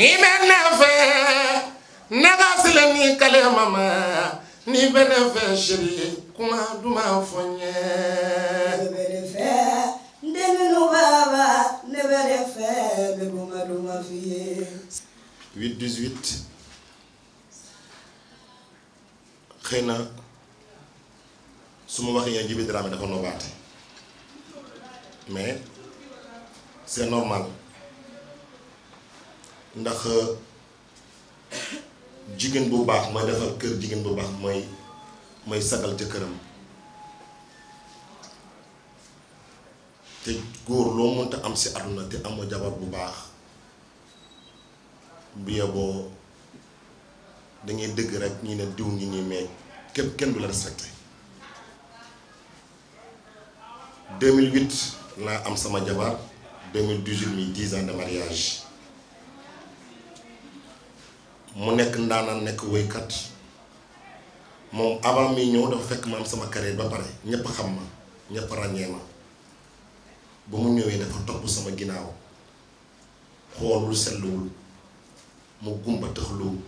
ni bɛ ne fɛ ni kalema ma ni bɛ ne fɛ seli kuma duman fɔ n ye. ne bɛ de ne bɛ de fɛ bɛ kuma duman f'i 8 18 xëy na wax ma waxee Djiby dafa no noobaate mais c'est normal. ndax euh, jigéen bu baax mooy defar kër jigéen bu baax mooy mooy sagal jëkkëram te góor loo mënta am si àdduna te amoo jabar bu baax bu yeboo dangay dëgg rek ñu ne diw ngi nii mais képp kenn du la mille 2008 laa am sama jabar 2018 mi 10 ans de mariage mu nekk ndaanaan nekk woykat moom avant mi ñëw dafa fekk ma am sama carrière ba pare ñëpp xam ma ñëpp ràññee ma ba mu ñëwee dafa topp sama ginnaaw xoolul setluwul mu gumba tëxluwul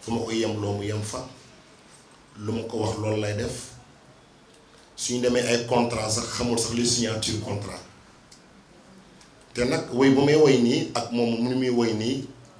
fu ma ko yem loo mu yem fa lu ma ko wax loolu lay def suñu demee ay contrat sax xamul sax li signature contrat te nag woy bu may woy nii ak moom mu ni muy woy nii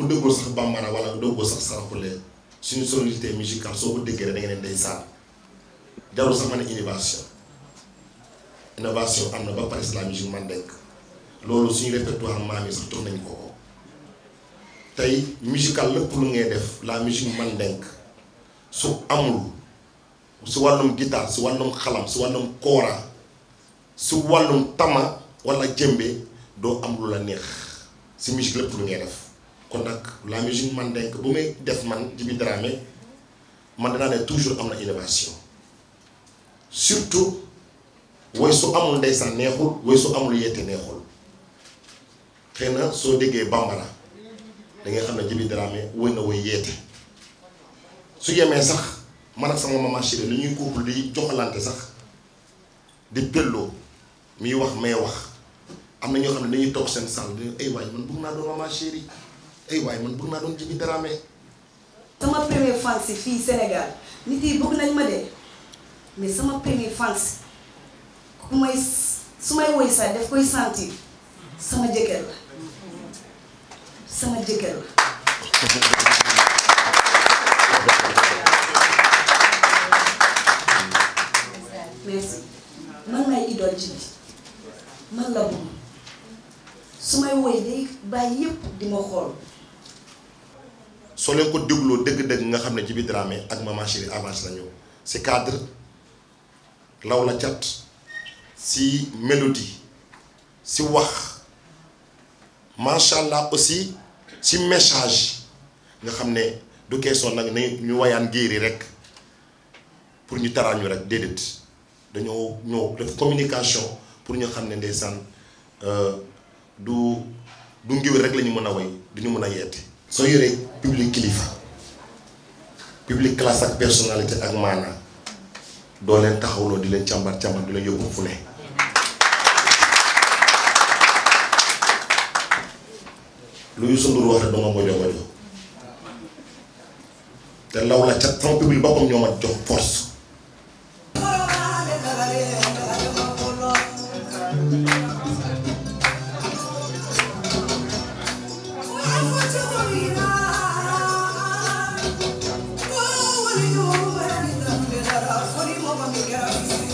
ku déggul sax bambara wala ku déggul sax saraxule suñu sonorité musicale soo ko déggee da nga leen day sànni jarul sax ma ne innovation innovation am na ba pare si la musique man denk loolu suñu répertoire maam yi sax jox nañ ko ko tey musical lépp lu ngay def la musique man denk su amul si wàllum guitare si wàllum xalam si wàllum kora si wàllum tama wala jëmbe doo am lu la neex si musique lépp lu ngay def. kon nag la musique man denk bu may def man Djiby Dramé man danaa ne toujours am na innovation surtout way su amul ndeysaan neexul way su amul yette neexul xëy na soo déggee bambara da nga xam ne Djiby Dramé woy na woy yeete su yemee sax man ak sama maman chérie lu ñuy couple di joxalante sax di pelloo miy wax may wax am na ñoo xam ne dañuy toog seen salle di ay waay man bëgg naa doon maman chérie ay eh, waay man bëgg naa doon Djiby Dramé. sama premier fans fii senegal nit yi bëgg nañ ma de mais sama premier fans ku may su may woy sax daf koy sentir sama jëkkër la sama jëkkër la. man may idole ci man la bu su may woy day bàyyi yépp di ma xool. soo leen ko dégloo dëgg nga xam ne Djiby Dramé ak Mama Chérie avancé nañu si cadre law la cat si mélodie si wax macha allah aussi si message nga xam ne du question nag na ñu wayaan géeri rek pour ñu taraañu rek déedéet dañoo ñoo def communication pour ñu xam ne ndeysaan euh, du du ngiw rek la ñu mën a way du ñu mën a yeete soo yoree public kilifa public classe ak personnalité ak maanaa doo leen taxawloo di leen càmbar càmbar di leen yóbbu fu ne lu Youssou Ndour wax rek dama mojo mojo te law la ca sama public boppam ñoo jox force Big love on the girls.